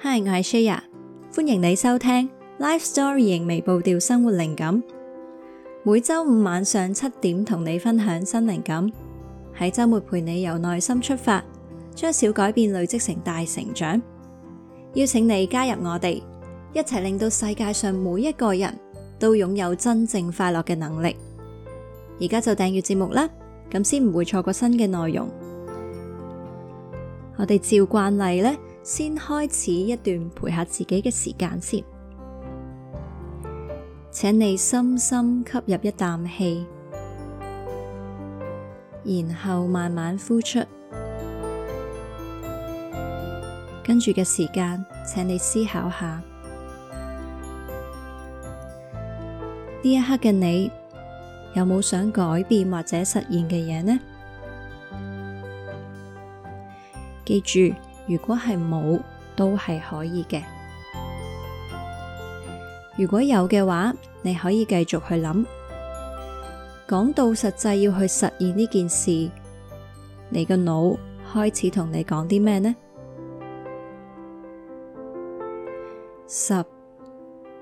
Hi，我係 Shia，歡迎你收聽 Life Story，仍未步調生活靈感，每周五晚上七點同你分享新靈感，喺周末陪你由內心出發，將小改變累積成大成長，邀請你加入我哋，一齊令到世界上每一個人都擁有真正快樂嘅能力。而家就訂閱節目啦，咁先唔會錯過新嘅內容。我哋照慣例呢。先開始一段陪下自己嘅時間先，請你深深吸入一啖氣，然後慢慢呼出。跟住嘅時間，請你思考下：呢一刻嘅你，有冇想改變或者實現嘅嘢呢？記住。如果係冇，都係可以嘅。如果有嘅話，你可以繼續去諗。講到實際要去實現呢件事，你個腦開始同你講啲咩呢？十、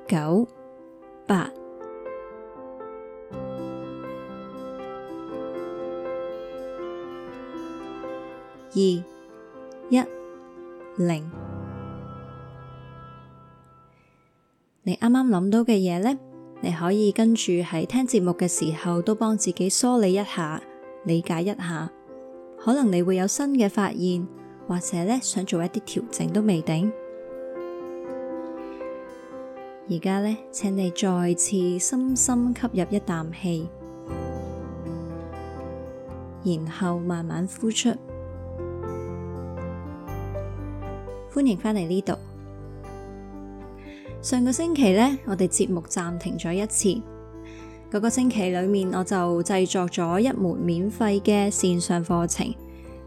九、八、二、一。零，你啱啱諗到嘅嘢呢，你可以跟住喺聽節目嘅時候，都幫自己梳理一下，理解一下。可能你會有新嘅發現，或者呢想做一啲調整都未定。而家呢，請你再次深深吸入一啖氣，然後慢慢呼出。歡迎返嚟呢度。上個星期呢，我哋節目暫停咗一次。嗰個星期裏面，我就製作咗一門免費嘅線上課程，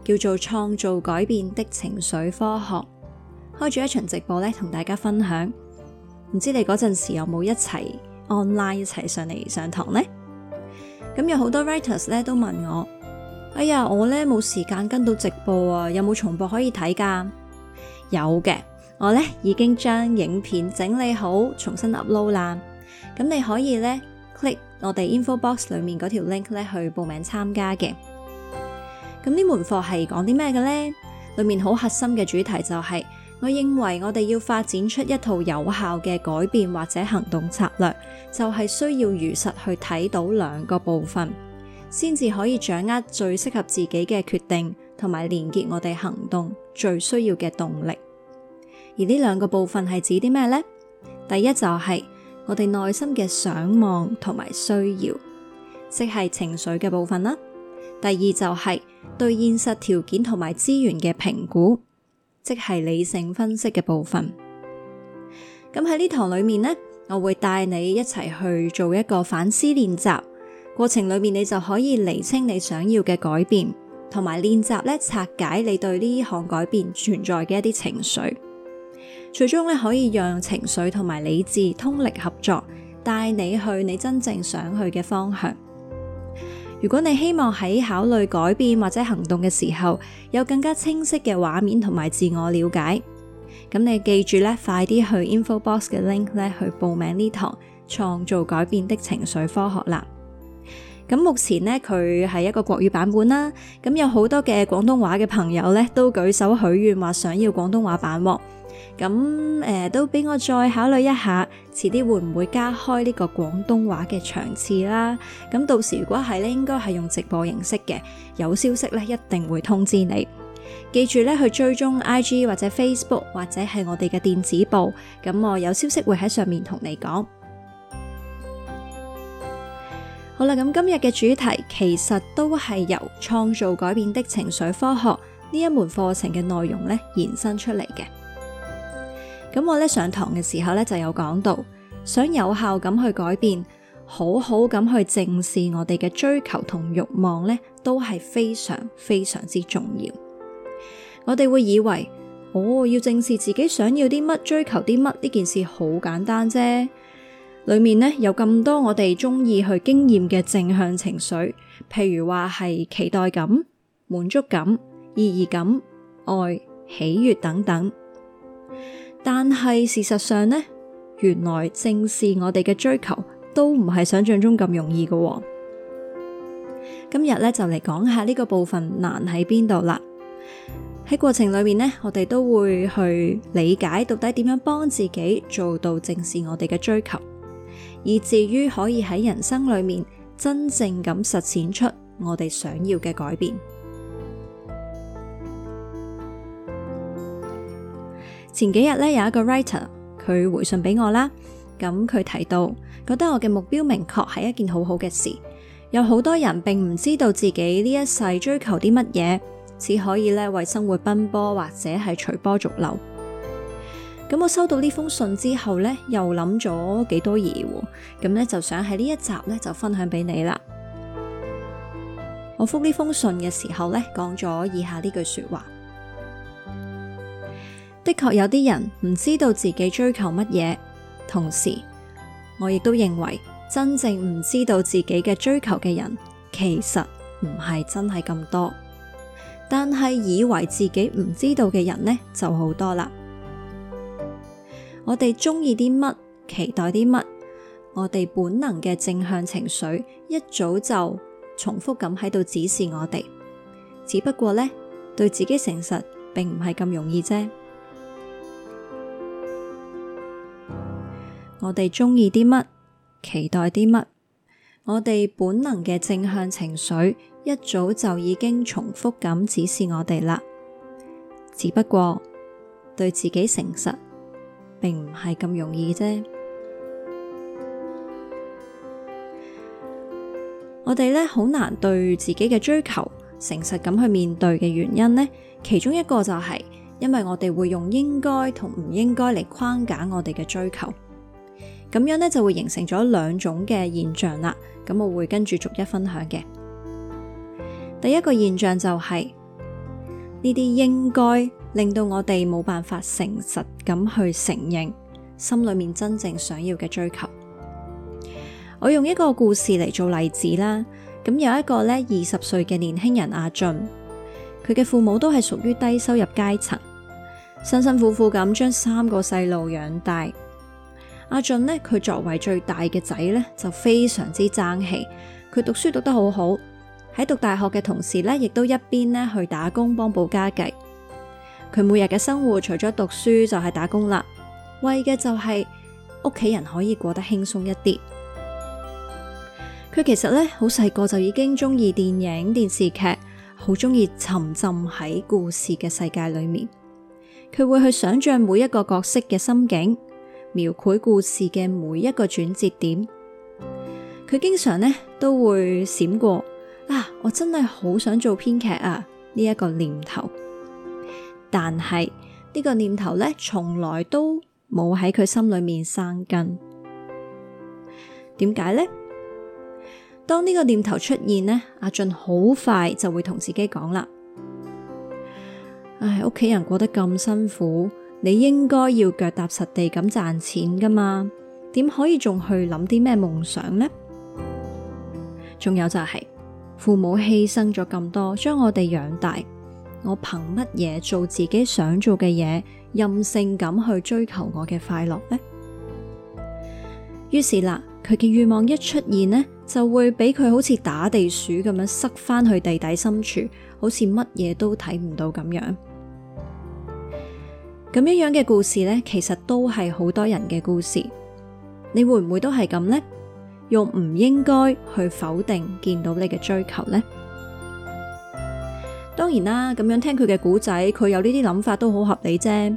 叫做《創造改變的情緒科學》，開住一場直播呢，同大家分享。唔知你嗰陣時有冇一齊 online 一齊上嚟上堂呢？咁有好多 writers 咧都問我：哎呀，我呢冇時間跟到直播啊，有冇重播可以睇噶？有嘅，我咧已經將影片整理好，重新 upload 啦。咁你可以咧，click 我哋 info box 裏面嗰條 link 咧去報名參加嘅。咁呢門課係講啲咩嘅呢？裡面好核心嘅主題就係，我認為我哋要發展出一套有效嘅改變或者行動策略，就係需要如實去睇到兩個部分，先至可以掌握最適合自己嘅決定同埋連結我哋行動，最需要嘅動力，而呢兩個部分係指啲咩呢？第一就係我哋內心嘅想望同埋需要，即係情緒嘅部分啦。第二就係對現實條件同埋資源嘅評估，即係理性分析嘅部分。咁喺呢堂裏面呢，我會帶你一齊去做一個反思練習，過程裏面你就可以釐清你想要嘅改變。同埋練習咧，拆解你對呢項改變存在嘅一啲情緒，最終咧，可以讓情緒同埋理智通力合作，帶你去你真正想去嘅方向。如果你希望喺考慮改變或者行動嘅時候，有更加清晰嘅畫面同埋自我了解，咁你記住咧，快啲去 info box 嘅 link 咧去報名呢堂創造改變的情緒科學啦。咁目前呢，佢係一個國語版本啦。咁有好多嘅廣東話嘅朋友呢，都舉手許願話想要廣東話版喎。咁誒、呃，都俾我再考慮一下，遲啲會唔會加開呢個廣東話嘅場次啦？咁到時如果係呢，應該係用直播形式嘅，有消息呢，一定會通知你。記住呢，去追蹤 IG 或者 Facebook 或者係我哋嘅電子報。咁我有消息會喺上面同你講。好啦，咁今日嘅主題其實都係由創造改變的情緒科學呢一門課程嘅內容咧延伸出嚟嘅。咁我咧上堂嘅時候咧就有講到，想有效咁去改變，好好咁去正視我哋嘅追求同慾望咧，都係非常非常之重要。我哋會以為，哦，要正視自己想要啲乜，追求啲乜呢件事好簡單啫。裏面咧有咁多我哋中意去經驗嘅正向情緒，譬如話係期待感、滿足感、意義感、愛、喜悅等等。但係事實上呢，原來正視我哋嘅追求都唔係想象中咁容易嘅哦。今日咧就嚟講下呢個部分難喺邊度啦。喺過程裏面呢，我哋都會去理解到底點樣幫自己做到正視我哋嘅追求。以至於可以喺人生裏面真正咁實踐出我哋想要嘅改變。 前幾日咧，有一個 writer，佢回信俾我啦，咁佢提到覺得我嘅目標明確係一件好好嘅事。有好多人並唔知道自己呢一世追求啲乜嘢，只可以咧為生活奔波，或者係隨波逐流。咁我收到呢封信之後呢，又諗咗幾多嘢喎，咁呢就想喺呢一集呢，就分享俾你啦。我復呢封信嘅時候呢，講咗以下呢句說話：的確有啲人唔知道自己追求乜嘢，同時我亦都認為真正唔知道自己嘅追求嘅人，其實唔係真係咁多，但係以為自己唔知道嘅人呢，就好多啦。我哋中意啲乜，期待啲乜，我哋本能嘅正向情緒一早就重複咁喺度指示我哋。只不過呢，對自己誠實並唔係咁容易啫。我哋中意啲乜，期待啲乜，我哋本能嘅正向情緒一早就已經重複咁指示我哋啦。只不過對自己誠實。並唔係咁容易啫。我哋咧好難對自己嘅追求誠實咁去面對嘅原因呢，其中一個就係、是、因為我哋會用應該同唔應該嚟框架我哋嘅追求，咁樣呢，就會形成咗兩種嘅現象啦。咁我會跟住逐一分享嘅。第一個現象就係呢啲應該。令到我哋冇辦法誠實咁去承認心裏面真正想要嘅追求。我用一個故事嚟做例子啦。咁有一個咧二十歲嘅年輕人，阿俊，佢嘅父母都係屬於低收入階層，辛辛苦苦咁將三個細路養大。阿俊呢，佢作為最大嘅仔呢，就非常之爭氣。佢讀書讀得好好，喺讀大學嘅同時呢，亦都一邊呢去打工幫補家計。佢每日嘅生活，除咗讀書就係打工啦，為嘅就係屋企人可以過得輕鬆一啲。佢其實呢好細個就已經中意電影電視劇，好中意沉浸喺故事嘅世界裏面。佢會去想象每一個角色嘅心境，描繪故事嘅每一個轉折點。佢經常呢都會閃過啊，我真係好想做編劇啊呢一個念頭。但係呢個念頭呢，從來都冇喺佢心裏面生根。點解呢？當呢個念頭出現呢，阿俊好快就會同自己講啦，唉，屋企人過得咁辛苦，你應該要腳踏實地咁賺錢㗎嘛，點可以仲去諗啲咩夢想呢？仲有就係父母犧牲咗咁多，將我哋養大。我憑乜嘢做自己想做嘅嘢，任性咁去追求我嘅快樂呢？於是啦，佢嘅願望一出現呢，就會俾佢好似打地鼠咁樣塞翻去地底深處，好似乜嘢都睇唔到咁樣。咁樣樣嘅故事呢，其實都係好多人嘅故事。你會唔會都係咁呢？用唔應該去否定見到你嘅追求呢？當然啦，咁樣聽佢嘅故仔，佢有呢啲諗法都好合理啫。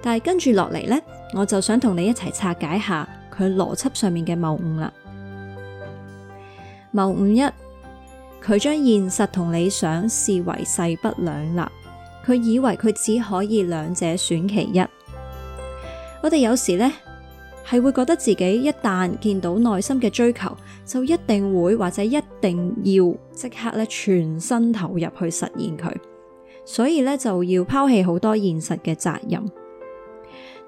但係跟住落嚟呢，我就想同你一齊拆解下佢邏輯上面嘅謬誤啦。謬誤一，佢將現實同理想視為勢不兩立，佢以為佢只可以兩者選其一。我哋有時呢。係會覺得自己一旦見到內心嘅追求，就一定會或者一定要即刻咧全身投入去實現佢，所以咧就要拋棄好多現實嘅責任。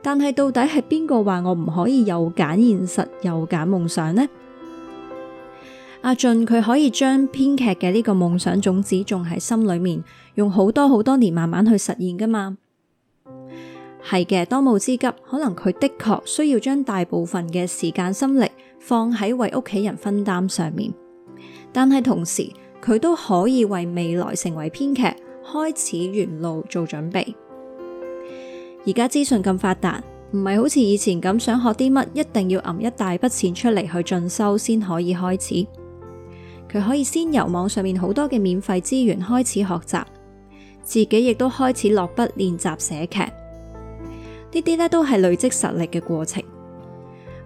但係到底係邊個話我唔可以又揀現實又揀夢想呢？阿、啊、俊佢可以將編劇嘅呢個夢想種子種喺心裏面，用好多好多年慢慢去實現噶嘛。係嘅，當務之急可能佢的確需要將大部分嘅時間心力放喺為屋企人分擔上面。但係同時佢都可以為未來成為編劇開始原路做準備。而家資訊咁發達，唔係好似以前咁想學啲乜一定要揞一大筆錢出嚟去進修先可以開始。佢可以先由網上面好多嘅免費資源開始學習，自己亦都開始落筆練習寫劇。呢啲咧都係累積實力嘅過程，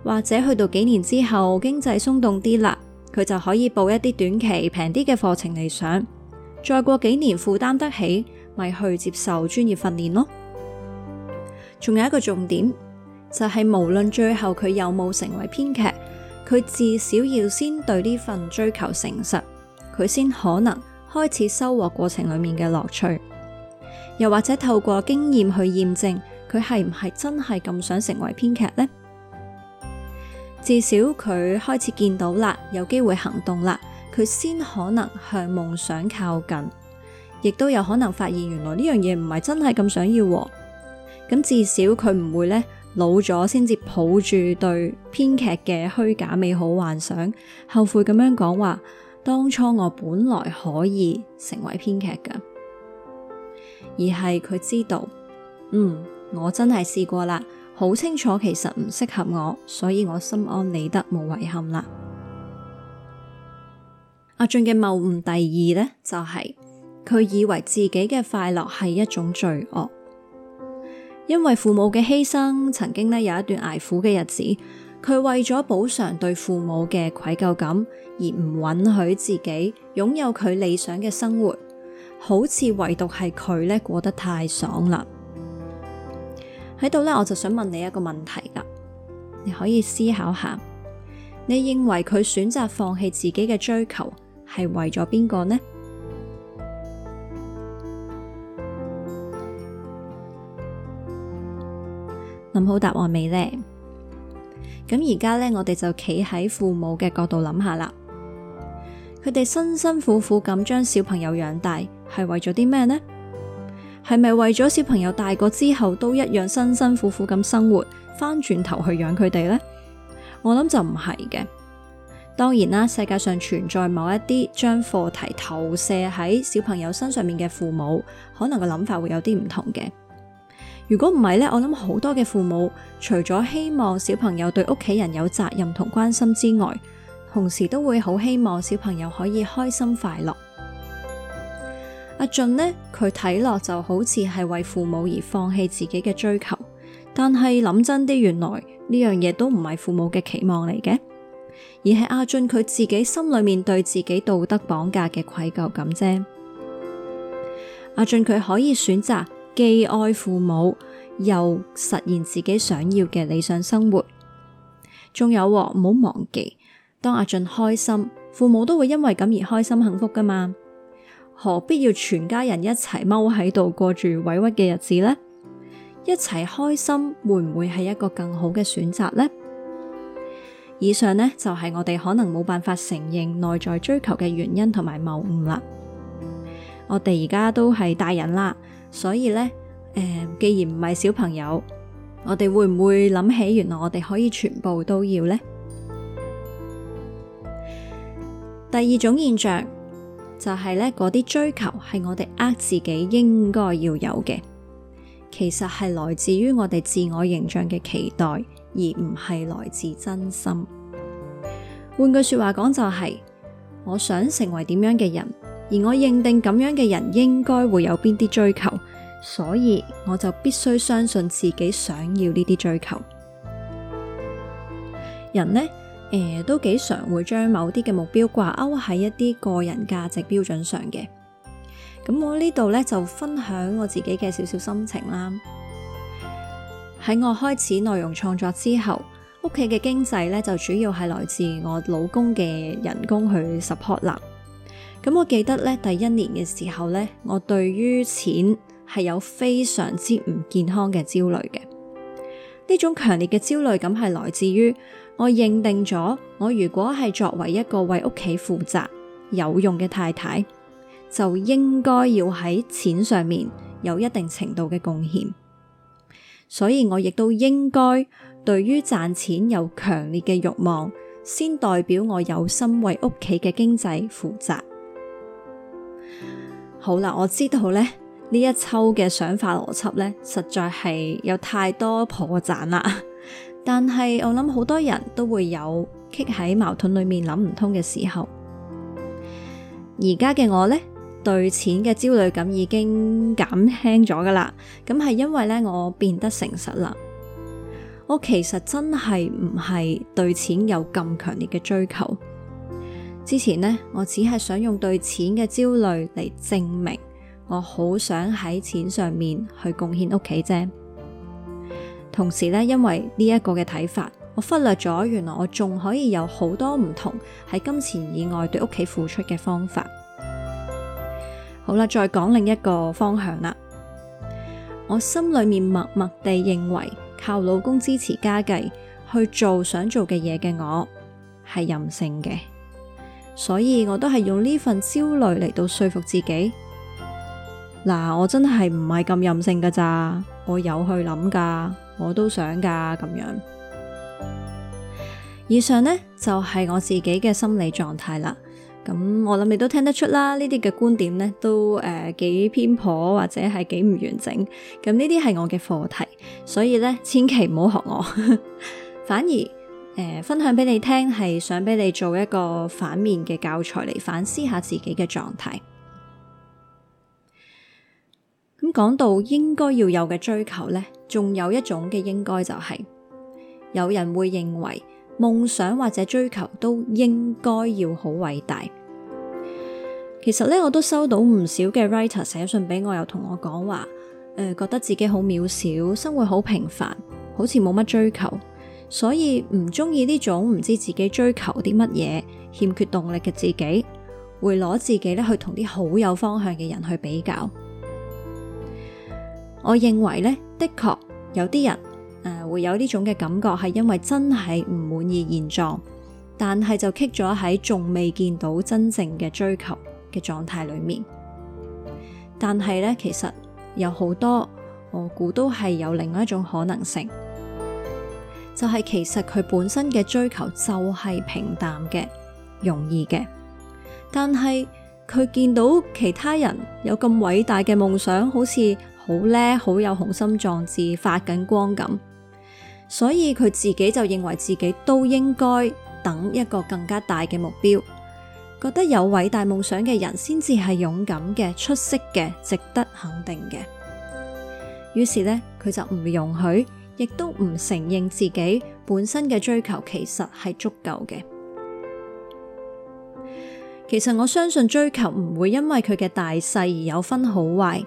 或者去到幾年之後經濟鬆動啲啦，佢就可以報一啲短期平啲嘅課程嚟上，再過幾年負擔得起，咪去接受專業訓練咯。仲有一個重點，就係無論最後佢有冇成為編劇，佢至少要先對呢份追求誠實，佢先可能開始收穫過程裏面嘅樂趣，又或者透過經驗去驗證。佢係唔係真係咁想成為編劇呢？至少佢開始見到啦，有機會行動啦，佢先可能向夢想靠近，亦都有可能發現原來呢樣嘢唔係真係咁想要。咁至少佢唔會呢老咗先至抱住對編劇嘅虛假美好幻想，後悔咁樣講話，當初我本來可以成為編劇嘅，而係佢知道，嗯。我真係試過啦，好清楚其實唔適合我，所以我心安理得，冇遺憾啦。阿俊嘅謬誤第二呢，就係、是、佢以為自己嘅快樂係一種罪惡，因為父母嘅犧牲，曾經咧有一段挨苦嘅日子，佢為咗補償對父母嘅愧疚感，而唔允許自己擁有佢理想嘅生活，好似唯獨係佢咧過得太爽啦。喺度呢，我就想問你一個問題㗎，你可以思考下，你認為佢選擇放棄自己嘅追求係為咗邊個呢？諗好答案未呢？咁而家呢，我哋就企喺父母嘅角度諗下啦，佢哋辛辛苦苦咁將小朋友養大，係為咗啲咩呢？係咪為咗小朋友大個之後都一樣辛辛苦苦咁生活，返轉頭去養佢哋呢？我諗就唔係嘅。當然啦，世界上存在某一啲將課題投射喺小朋友身上面嘅父母，可能個諗法會有啲唔同嘅。如果唔係呢，我諗好多嘅父母，除咗希望小朋友對屋企人有責任同關心之外，同時都會好希望小朋友可以開心快樂。阿俊呢？佢睇落就好似係為父母而放棄自己嘅追求，但係諗真啲，原來呢樣嘢都唔係父母嘅期望嚟嘅，而係阿俊佢自己心裏面對自己道德綁架嘅愧疚感啫。阿俊佢可以選擇既愛父母又實現自己想要嘅理想生活，仲有喎，唔好忘記，當阿俊開心，父母都會因為咁而開心幸福㗎嘛。何必要全家人一齊踎喺度過住委屈嘅日子呢？一齊開心會唔會係一個更好嘅選擇呢？以上呢，就係我哋可能冇辦法承認內在追求嘅原因同埋謬誤啦。我哋而家都係大人啦，所以呢，呃，既然唔係小朋友，我哋會唔會諗起原來我哋可以全部都要呢？第二種現象。就係呢，嗰啲追求係我哋呃自己應該要有嘅，其實係來自於我哋自我形象嘅期待，而唔係來自真心。換句話說話講，就是，就係我想成為點樣嘅人，而我認定咁樣嘅人應該會有邊啲追求，所以我就必須相信自己想要呢啲追求。人呢？誒，都幾常會將某啲嘅目標掛鈎喺一啲個人價值標準上嘅。咁我呢度咧就分享我自己嘅少少心情啦。喺我開始內容創作之後，屋企嘅經濟咧就主要係來自我老公嘅人工去 support 啦。咁我記得咧，第一年嘅時候咧，我對於錢係有非常之唔健康嘅焦慮嘅。呢種強烈嘅焦慮感係來自於。我認定咗，我如果係作為一個為屋企負責有用嘅太太，就應該要喺錢上面有一定程度嘅貢獻，所以我亦都應該對於賺錢有強烈嘅慾望，先代表我有心為屋企嘅經濟負責。好啦，我知道咧呢一抽嘅想法邏輯咧，實在係有太多破綻啦。但係我諗好多人都會有棘喺矛盾裏面諗唔通嘅時候。而家嘅我呢，對錢嘅焦慮感已經減輕咗噶啦。咁係因為呢，我變得誠實啦。我其實真係唔係對錢有咁強烈嘅追求。之前呢，我只係想用對錢嘅焦慮嚟證明我好想喺錢上面去貢獻屋企啫。同時咧，因為呢一個嘅睇法，我忽略咗原來我仲可以有好多唔同喺金錢以外對屋企付出嘅方法。好啦，再講另一個方向啦。我心裏面默默地認為，靠老公支持家計去做想做嘅嘢嘅我係任性嘅，所以我都係用呢份焦慮嚟到說服自己。嗱，我真係唔係咁任性噶咋，我有去諗噶。我都想噶咁樣。以上呢，就係、是、我自己嘅心理狀態啦。咁我諗你都聽得出啦，呢啲嘅觀點呢都誒幾、呃、偏頗或者係幾唔完整。咁呢啲係我嘅課題，所以呢，千祈唔好學我。 反而誒、呃、分享俾你聽，係想俾你做一個反面嘅教材嚟反思下自己嘅狀態。咁講到應該要有嘅追求呢，仲有一種嘅應該就係、是、有人會認為夢想或者追求都應該要好偉大。其實呢，我都收到唔少嘅 writer 寫信俾我，又同我講話，誒、呃，覺得自己好渺小，生活好平凡，好似冇乜追求，所以唔中意呢種唔知自己追求啲乜嘢，欠缺動力嘅自己，會攞自己咧去同啲好有方向嘅人去比較。我認為咧的確有啲人誒、呃、會有呢種嘅感覺，係因為真係唔滿意現狀，但係就棘咗喺仲未見到真正嘅追求嘅狀態裏面。但係咧，其實有好多我估都係有另外一種可能性，就係、是、其實佢本身嘅追求就係平淡嘅、容易嘅，但係佢見到其他人有咁偉大嘅夢想，好似。好叻，好有雄心壯志，發緊光咁，所以佢自己就認為自己都應該等一個更加大嘅目標，覺得有偉大夢想嘅人先至係勇敢嘅、出色嘅、值得肯定嘅。於是呢，佢就唔容許，亦都唔承認自己本身嘅追求其實係足夠嘅。其實我相信追求唔會因為佢嘅大細而有分好壞。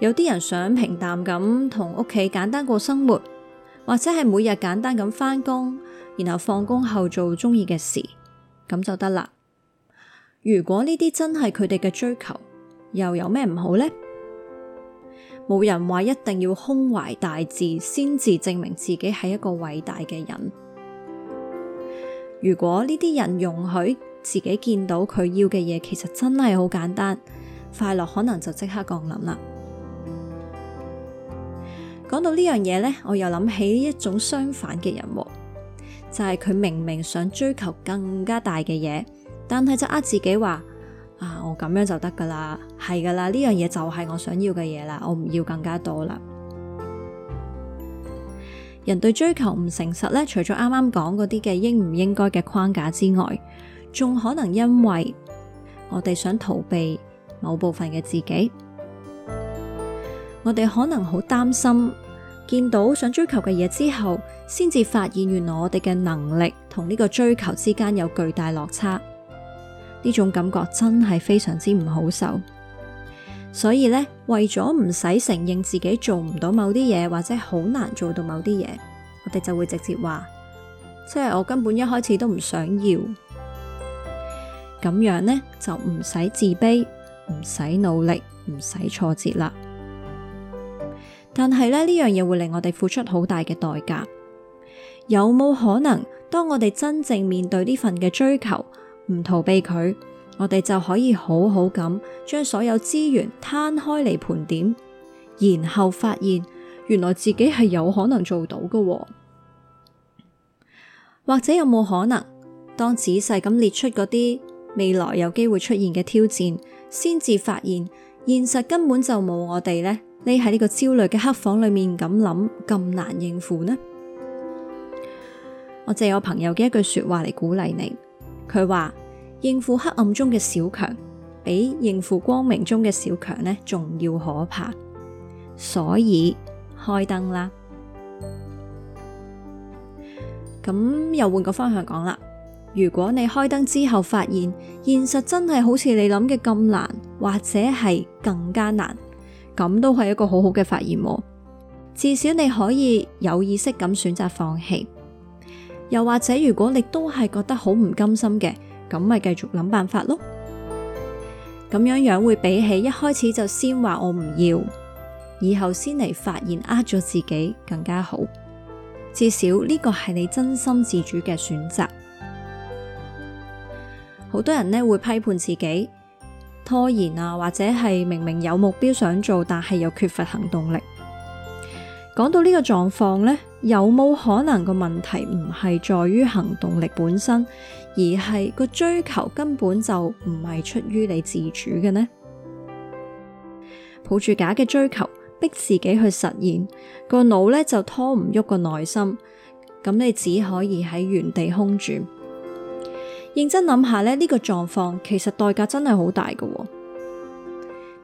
有啲人想平淡咁同屋企簡單過生活，或者係每日簡單咁返工，然後放工後做中意嘅事，咁就得啦。如果呢啲真係佢哋嘅追求，又有咩唔好呢？冇人話一定要胸懷大志先至證明自己係一個偉大嘅人。如果呢啲人容許自己見到佢要嘅嘢，其實真係好簡單，快樂可能就即刻降臨啦。講到呢樣嘢咧，我又諗起一種相反嘅人，就係佢明明想追求更加大嘅嘢，但係就呃自己話啊，我咁樣就得噶啦，係噶啦，呢樣嘢就係我想要嘅嘢啦，我唔要更加多啦。人對追求唔誠實咧，除咗啱啱講嗰啲嘅應唔應該嘅框架之外，仲可能因為我哋想逃避某部分嘅自己。我哋可能好擔心見到想追求嘅嘢之後，先至發現原來我哋嘅能力同呢個追求之間有巨大落差。呢種感覺真係非常之唔好受。所以呢，為咗唔使承認自己做唔到某啲嘢，或者好難做到某啲嘢，我哋就會直接話，即係我根本一開始都唔想要。咁樣呢，就唔使自卑，唔使努力，唔使挫折啦。但係呢，呢樣嘢會令我哋付出好大嘅代價。有冇可能，當我哋真正面對呢份嘅追求，唔逃避佢，我哋就可以好好咁將所有資源攤開嚟盤點，然後發現原來自己係有可能做到嘅，哦。或者有冇可能，當仔細咁列出嗰啲未來有機會出現嘅挑戰，先至發現現實根本就冇我哋呢？你喺呢個焦慮嘅黑房裏面咁諗，咁難應付呢？我借我朋友嘅一句說話嚟鼓勵你，佢話，應付黑暗中嘅小強，比應付光明中嘅小強呢，仲要可怕。所以開燈啦。咁又換個方向講啦，如果你開燈之後發現現實真係好似你諗嘅咁難，或者係更加難。咁都係一個好好嘅發現喎，至少你可以有意識咁選擇放棄，又或者如果你都係覺得好唔甘心嘅，咁咪繼續諗辦法咯。咁樣樣會比起一開始就先話我唔要，以後先嚟發現呃咗自己更加好，至少呢個係你真心自主嘅選擇。好多人呢會批判自己。拖延啊，或者係明明有目標想做，但係又缺乏行動力。講到呢個狀況咧，有冇可能個問題唔係在於行動力本身，而係個追求根本就唔係出於你自主嘅呢？抱住假嘅追求，逼自己去實現，個腦咧就拖唔喐個內心，咁你只可以喺原地空轉。認真諗下咧，呢個狀況其實代價真係好大嘅喎。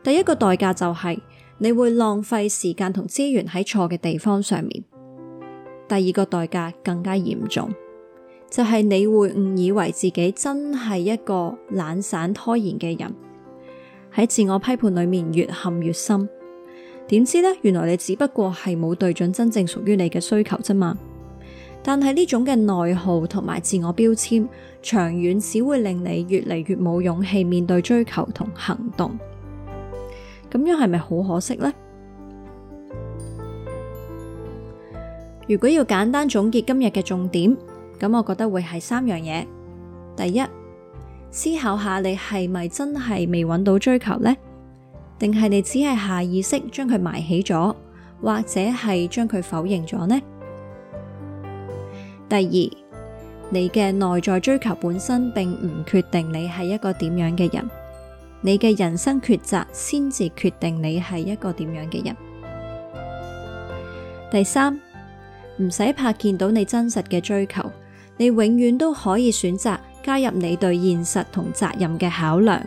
第一個代價就係你會浪費時間同資源喺錯嘅地方上面。第二個代價更加嚴重，就係你會誤以為自己真係一個懶散拖延嘅人，喺自我批判裏面越陷越深。點知呢？原來你只不過係冇對準真正屬於你嘅需求啫嘛。但係呢種嘅內耗同埋自我標籤，長遠只會令你越嚟越冇勇氣面對追求同行動。咁樣係咪好可惜呢？ 如果要簡單總結今日嘅重點，咁我覺得會係三樣嘢：第一，思考下你係咪真係未揾到追求呢？定係你只係下意識將佢埋起咗，或者係將佢否認咗呢？第二，你嘅內在追求本身並唔決定你係一個點樣嘅人，你嘅人生抉擇先至決定你係一個點樣嘅人。第三，唔使怕見到你真實嘅追求，你永遠都可以選擇加入你對現實同責任嘅考量，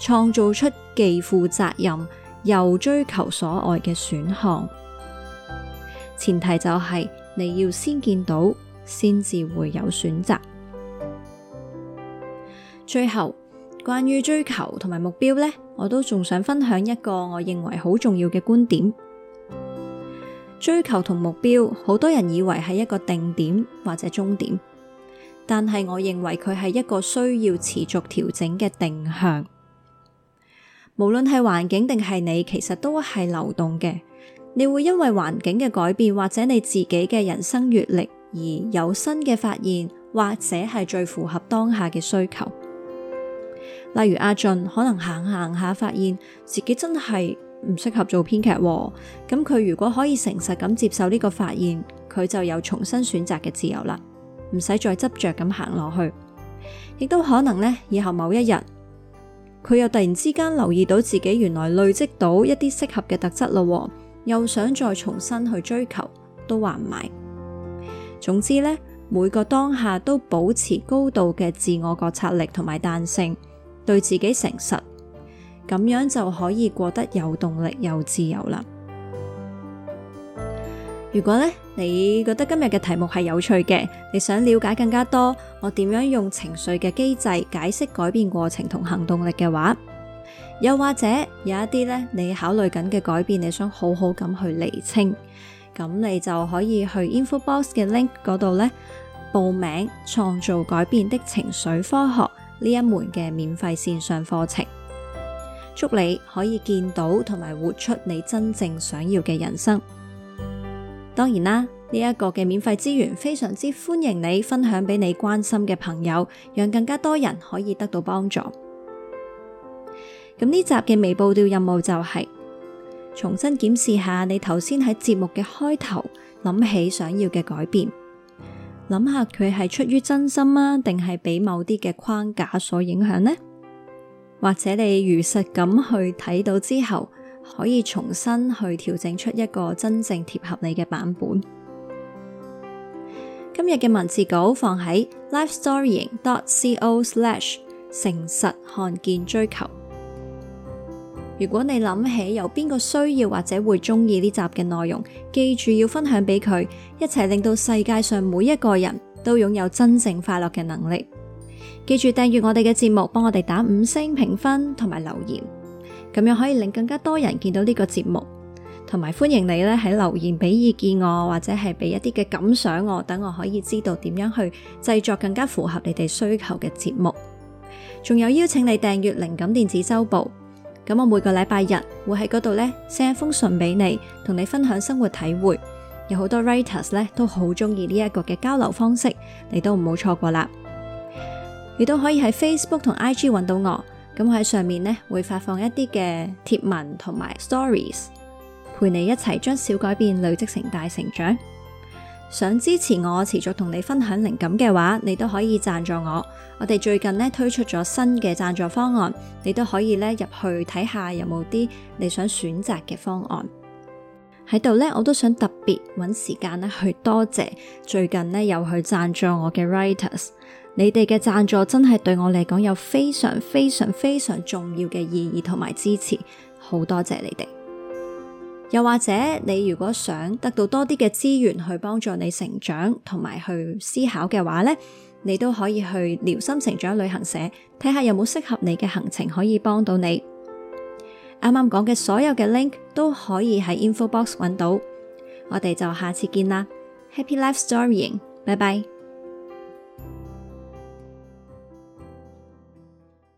創造出既負責任又追求所愛嘅選項。前提就係你要先見到。先至會有選擇。最後，關於追求同埋目標呢，我都仲想分享一個我認為好重要嘅觀點：追求同目標，好多人以為係一個定點或者終點，但係我認為佢係一個需要持續調整嘅定向。無論係環境定係你，其實都係流動嘅。你會因為環境嘅改變，或者你自己嘅人生閱歷。而有新嘅發現，或者係最符合當下嘅需求。例如阿俊可能行行下，發現自己真係唔適合做編劇喎。咁佢如果可以誠實咁接受呢個發現，佢就有重新選擇嘅自由啦，唔使再執着咁行落去。亦都可能呢，以後某一日，佢又突然之間留意到自己原來累積到一啲適合嘅特質咯喎，又想再重新去追求，都話唔埋。總之咧，每個當下都保持高度嘅自我覺察力同埋彈性，對自己誠實，咁樣就可以過得有動力又自由啦。如果咧你覺得今日嘅題目係有趣嘅，你想了解更加多我點樣用情緒嘅機制解釋改變過程同行動力嘅話，又或者有一啲咧你考慮緊嘅改變，你想好好咁去釐清。咁你就可以去 InfoBox 嘅 link 嗰度呢，報名創造改變的情緒科學呢一門嘅免費線上課程，祝你可以見到同埋活出你真正想要嘅人生。當然啦，呢一個嘅免費資源非常之歡迎你分享俾你關心嘅朋友，讓更加多人可以得到幫助。咁呢集嘅微報料任務就係。重新檢視下你頭先喺節目嘅開頭諗起想要嘅改變，諗下佢係出於真心啊，定係俾某啲嘅框架所影響呢？或者你如實咁去睇到之後，可以重新去調整出一個真正貼合你嘅版本。今日嘅文字稿放喺 LifeStory.co/slash 誠實看見追求。如果你諗起有邊個需要或者會中意呢集嘅內容，記住要分享俾佢，一齊令到世界上每一個人都擁有真正快樂嘅能力。記住訂閱我哋嘅節目，幫我哋打五星評分同埋留言，咁樣可以令更加多人見到呢個節目。同埋歡迎你咧喺留言俾意見我，或者係俾一啲嘅感想我，等我可以知道點樣去製作更加符合你哋需求嘅節目。仲有邀請你訂閱靈感電子周報。咁我每個禮拜日會喺嗰度呢寫一封信俾你，同你分享生活體會。有好多 writers 呢都好中意呢一個嘅交流方式，你都唔好錯過啦。你都可以喺 Facebook 同 IG 揾到我，咁我喺上面呢會發放一啲嘅貼文同埋 Stories，陪你一齊將小改變累積成大成長。想支持我持續同你分享靈感嘅話，你都可以讚助我。我哋最近咧推出咗新嘅讚助方案，你都可以咧入去睇下有冇啲你想選擇嘅方案。喺度呢，我都想特別揾時間咧去多謝最近咧又去讚助我嘅 writers，你哋嘅讚助真係對我嚟講有非常非常非常重要嘅意義同埋支持，好多謝你哋。又或者你如果想得到多啲嘅資源去幫助你成長同埋去思考嘅話咧，你都可以去聊心成長旅行社睇下有冇適合你嘅行程可以幫到你。啱啱講嘅所有嘅 link 都可以喺 info box 揾到，我哋就下次見啦。Happy life storying，拜拜。